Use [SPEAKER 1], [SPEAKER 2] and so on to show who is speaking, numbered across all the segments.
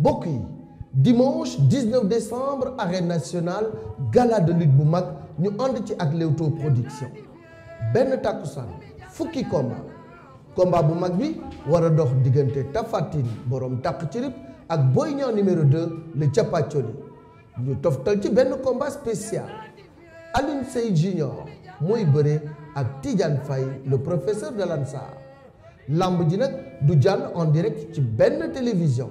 [SPEAKER 1] mbokk yi dimanche 19 décembre arène nationale gala de bu mag ñu ànd ci ak Leewtoo production benn takkusaan fukki combat combat bu mag bi war a dox diggante Tapha Tine borom takk ci ak Boy Niang numéro 2 le Chapacholi ñu toftal ci benn combat spécial Alioune Seye Junior mooy bëre ak Tidiane fay le professeur de l'Ansar làmb ji nag du jàll en direct ci benn télévision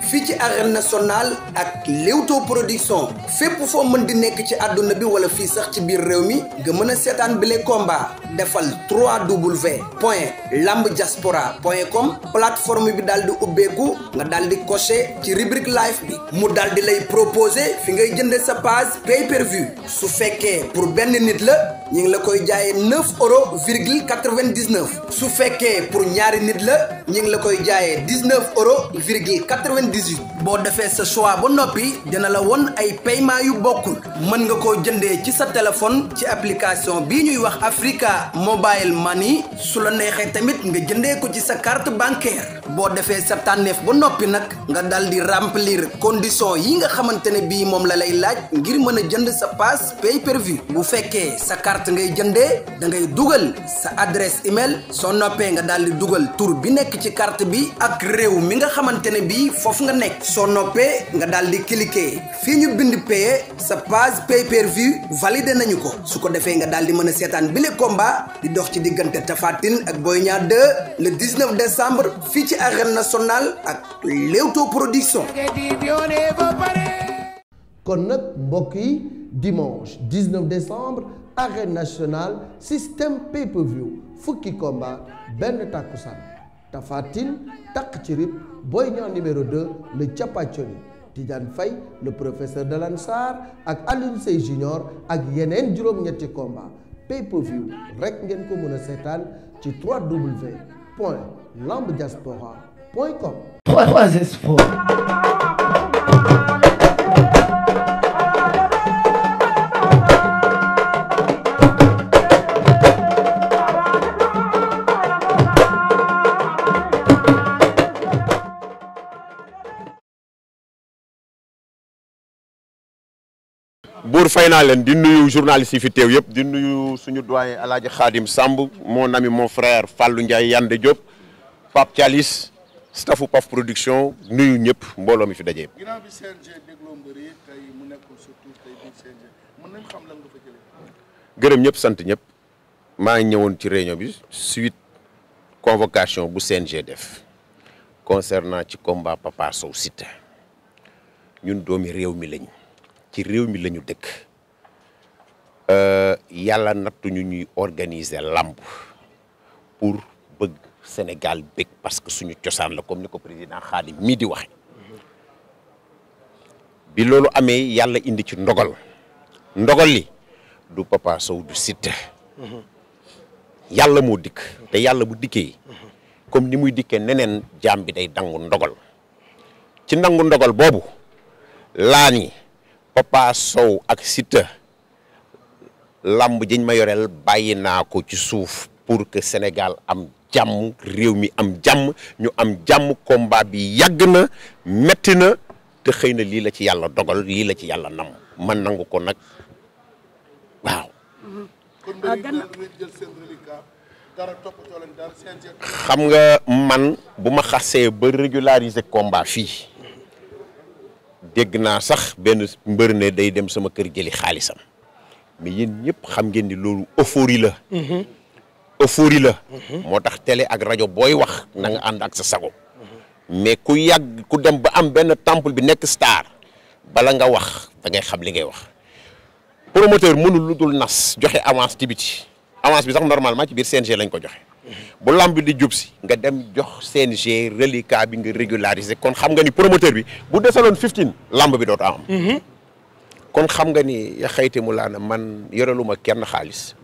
[SPEAKER 2] fii ci arène nationale ak Leewtoo production fépp foo mën di nekk ci àdduna bi wala fii sax ci biir réew mi nga mën a seetaan bile combat defal 3W point lamb diaspora point com plateforme bi daal di ubbeeku nga daal di coché ci rubrique live bi mu daal di lay proposé fi ngay jënde sa page pay per su fekkee pour benn nit la ñu ngi la koy jaayee 9 euros virgule 99 su fekkee pour ñaari nit la ñu ngi la koy jaayee 19 78 boo defee sa choix ba noppi dina la won ay paiement yu bokkul mën nga koo jëndee ci sa téléphone ci application bii ñuy wax Africa Mobile Money su la neexee tamit nga jëndee ko ci sa carte bancaire boo defee sa tànneef ba noppi nag nga dal di remplir condition yi nga xamante ne bii moom la lay laaj ngir mën a jënd sa pass pay per bu fekkee sa carte ngay jëndee da ngay dugal sa adresse email soo noppee nga daal di dugal tur bi nekk ci carte bi ak réew mi nga xamante ne bii foofu nga nekk soo noppee nga daal di cliquer fii ñu bind paye sa page pay per view nañu ko su ko defee nga daal di mën a seetaan bile combat di dox ci diggante Tapha Tine ak Boy Niang 2 le 19 décembre fii ci arène nationale ak Leewtoo production. kon nag mbokk yi dimanche
[SPEAKER 1] 19 décembre arène nationale système pay per fukki combat benn takkusaan. Tafatine takk ci rib Boy Niang numéro 2 le Chapacholi Tidiane Faye le professeur de l'Ansar ak Alioune Seye Junior ak yeneen juróom-ñetti combat pay per view rek ngeen ko mën a seetaan ci 3w point lambdiaspora
[SPEAKER 2] point com 3S
[SPEAKER 1] buur fay naa leen di nuyu journaliste yi fi teew
[SPEAKER 3] yëpp di nuyu suñu doyen El Hadj Khadim Samb mon ami mon frère Fallou Ndiaye Yande Diop Pape Thialis staffu Paf production nuyu ñëpp mbooloo mi fi daje. ginnaaw bi CNG sant ñëpp maa ngi ñëwoon ci réunion bi suite convocation bu CNG def concernant ci combat Papa Sow Siteu ñun doomi réew mi lañ. ci réew mi lañu dëkk euh, yàlla nattuñu ñuy organise làmb pour bëgg Sénégal bëgg parce que suñu cosaan la comme ni ko président Khadim mii di waxe bi loolu amee yàlla indi ci ndogal ndogal li du Papa Sow du Siteu yàlla moo dikk te yàlla bu dikkee comme ni muy dikkee neneen jaam bi day dangu ndogal ci nangu ndogal boobu laan Papa Sow ak Siteu làmb jiñ ma yoreel bàyyi naa ko ci suuf pour que Sénégal am jàmm réew mi am jàmm ñu am jàmm combat bi yàgg na metti na te xëy na lii la ci yàlla dogal lii la ci yàlla nam man nangu ko nag waaw. xam nga man bu ma xasee ba régulariser combat fii. dégg naa sax benn mbër na day dem sama kër jëli xaalisam mais yéen ñëpp xam ngeen ni loolu euphorie la. Mhm. euphorie la. Mhm. moo tax tele ak rajo booy wax nanga nga ànd ak sa sago. Mhm. mais ku yàgg ku dem ba am benn temple bi nekk star bala nga wax da ngay xam li ngay wax promoteur mënul lu dul nas joxe avance ci biti avance bi sax normalement ci biir CNG lañ ko joxe. bu lamb bi di jub si nga dem jox CNG reliquat bi nga régulariser kon xam nga ni promoteur bi bu desaloon 15 lamb bi dootu am. Mhm. kon xam nga ni xayti mu laana man yoreluma kenn xaalis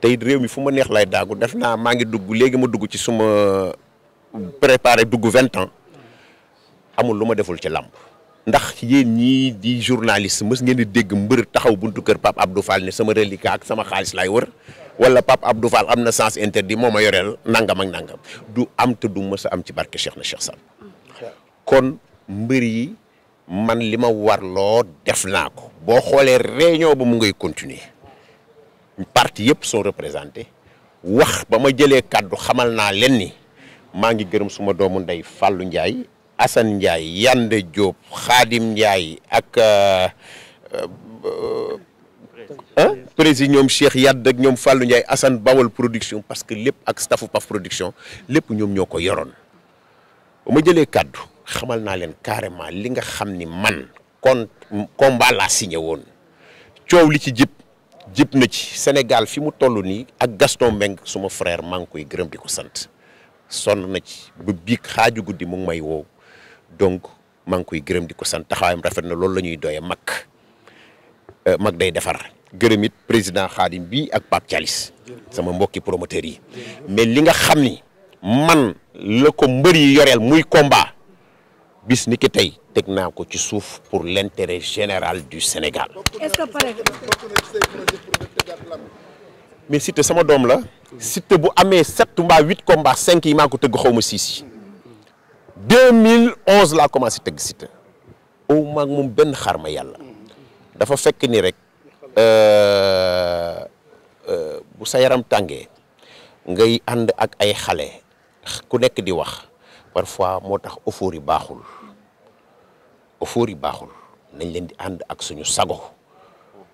[SPEAKER 3] tey réew mi fu ma neex lay daagu def naa maa ngi dugg léegi ma dugg ci suma préparé dugg vingt ans amul lu ma deful ci làmb ndax yéen ñii di journaliste mës ngeen di dégg mbër taxaw buntu kër Pape Abdou Fall ne sama reliquat ak sama xaalis laay wër wala Pape Abdou Fall am na sens interdit moo ma yoreel nangam ak nangam du am te du mës am ci barke Cheikh na Cheikh Sall kon mbër yi man li ma war loo def naa ko boo xoolee réunion ba mu ngay continuer partie yëpp soo représentés wax ba ma jëlee kàddu xamal naa leen ni maa ngi gërëm suma doomu ndey Fallou Ndiaye Assane Ndiaye Yande Diop xaadim Ndiaye ak euh, euh, ah ñoom Cheikh Yadd ak ñoom Fallou Ndiaye Assane Bawol production parce que lépp ak staffu PAF production lépp ñoom ñoo ko yoroon ba ma jëlee kàddu xamal naa leen carrément li nga xam ni man kon combat laa signé woon coow li ci jib jib na ci Sénégal fi mu toll nii ak Gaston Mbengue suma frère maa ngi koy gërëm di ko sant sonn na ci ba biig xaaju guddi mu ngi may woo donc maa ngi koy gërëm di ko sant taxawaayam rafet na loolu la ñuy doyee mag euh, mag day defar gërëm it président Khadim bi ak Pape Thialis sama mbokki promoteur yi mais li nga xam ni man la ko mbër yi yoreel muy combat bis ni tey teg naa ko ci suuf pour l'intérêt général du Sénégal. est-ce mais Siteu sama doom la. Siteu bu amee sept mbaa huit combats cinq yi maa ko tëgg xaw ma six yi. 2011 laa commencé tëgg Siteu. au moins moom benn xaar ma yàlla. dafa fekk ni rek. Euh, euh, bu sa yaram tàngee ngay ànd ak ay xale ku nekk di wax parfois moo tax euphorie baaxul euphorie baaxul nañ leen di ànd ak suñu sago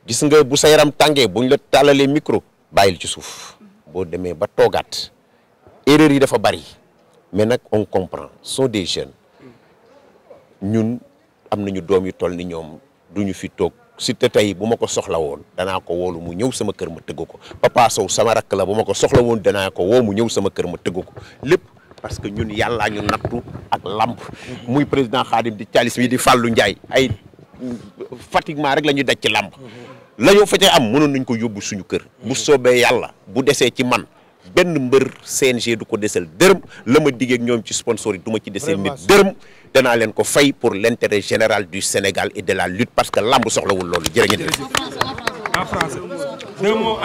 [SPEAKER 3] gis nga bu sa yaram tàngee buñ la tàllalee micro bàyyil ci suuf boo demee ba toogaat erreur yi dafa bari mais nag on comprend sont des jeunes ñun am nañu doom yi toll ni ñoom duñu fi toog Siteu tey bu ma ko soxla woon danaa ko woolu mu ñëw sama kër ma tëgg ko Papa Sow sama rakk la bu ma ko soxla woon danaa ko woo mu ñëw sama kër ma tëgg ko lépp parce que ñun yàllaa ñu nattu ak làmp muy président Khadim di Thialis mi di Fallou Ndiaye ay fatiguement rek la ñuy daj ci làmp la ñu fa ca am mënoon nañ ko yóbbu suñu kër bu soobee yàlla bu desee ci man benn mbër CNG du ko desal dërëm la ma diggee ñoom ci sponsor yi du ma ci desee nit dërëm danaa leen ko fay pour l'intérêt général du Sénégal et de la lutte parce que làmb soxlawul loolu jërë ngeen
[SPEAKER 2] en français deux mots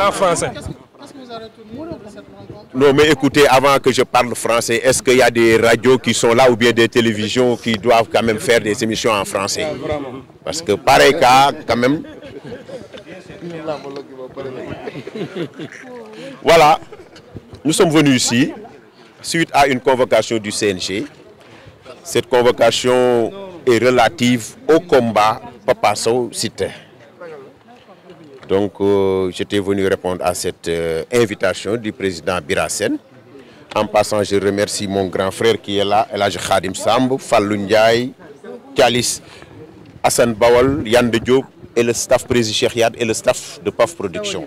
[SPEAKER 3] mais écoutez, avant que je parle français, est-ce qu'il y a des radios qui sont là ou bien des télévisions qui doivent quand même faire des émissions en français? Ah, parce que pareil cas, quand même. nous sommes venus ici suite à une convocation du CNG. Cette convocation est relative au combat Papa Sow cité. Donc euh, j'étais venu répondre à cette euh, invitation du président Birassène. En passant, je remercie mon grand frère qui est là, El Hadj Khadim Samb, Fallou Ndiaye, Thialis, Hassan Bawal, Yande Diop et le staff Président Cheikh et le staff de PAF Production.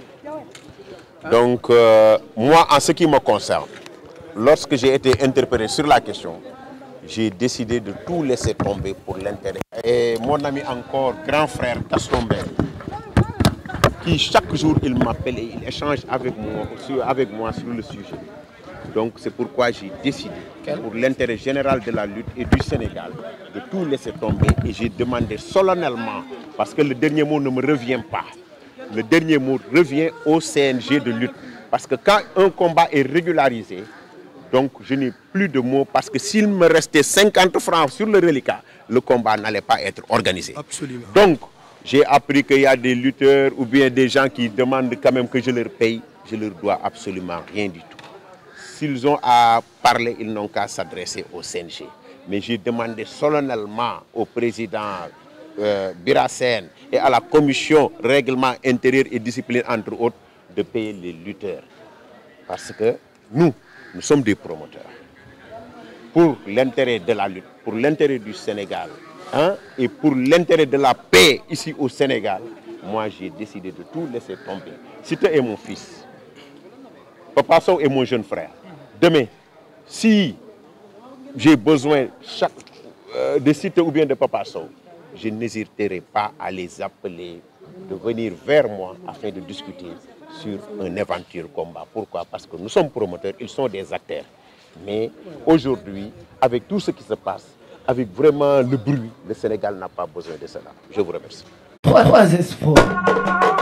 [SPEAKER 3] Donc euh, moi en ce qui me concerne, lorsque j'ai été interpellé sur la question j'ai décidé de tout laisser tomber pour l'intérêt. Et mon ami encore, grand frère Castomber, qui chaque jour il m'appelle et il échange avec moi, sur, avec moi sur le sujet. Donc c'est pourquoi j'ai décidé, pour l'intérêt général de la lutte et du Sénégal, de tout laisser tomber et j'ai demandé solennellement, parce que le dernier mot ne me revient pas, le dernier mot revient au CNG de lutte. Parce que quand un combat est régularisé, Donc je n'ai plus de mots parce que s'il me restait 50 francs sur le reliquat, le combat n'allait pas être organisé. Donc j'ai appris qu'il y a des lutteurs ou bien des gens qui demandent quand même que je leur paye. Je leur dois absolument rien du tout. S'ils ont à parler, ils n'ont qu'à s'adresser au CNG. Mais j'ai demandé solennellement au président euh, et à la commission règlement intérieur et discipline entre autres de payer les lutteurs. Parce que nous nous sommes des promoteurs pour l'intérêt de la lutte pour l'intérêt du Sénégal hein et pour l'intérêt de la paix ici au Sénégal moi j'ai décidé de tout laisser tomber Siteu est mon fils Papa Sow est mon jeune frère demain si j'ai besoin chaque euh, de Siteu ou bien de Papa Sow je n'hésiterai pas à les appeler de venir vers moi afin de discuter sur un éventuel combat. Pourquoi Parce que nous sommes promoteurs, ils sont des acteurs. Mais aujourd'hui, avec tout ce qui se passe, avec vraiment le bruit, le Sénégal n'a pas besoin de cela. Je vous remercie. Trois
[SPEAKER 1] espoirs.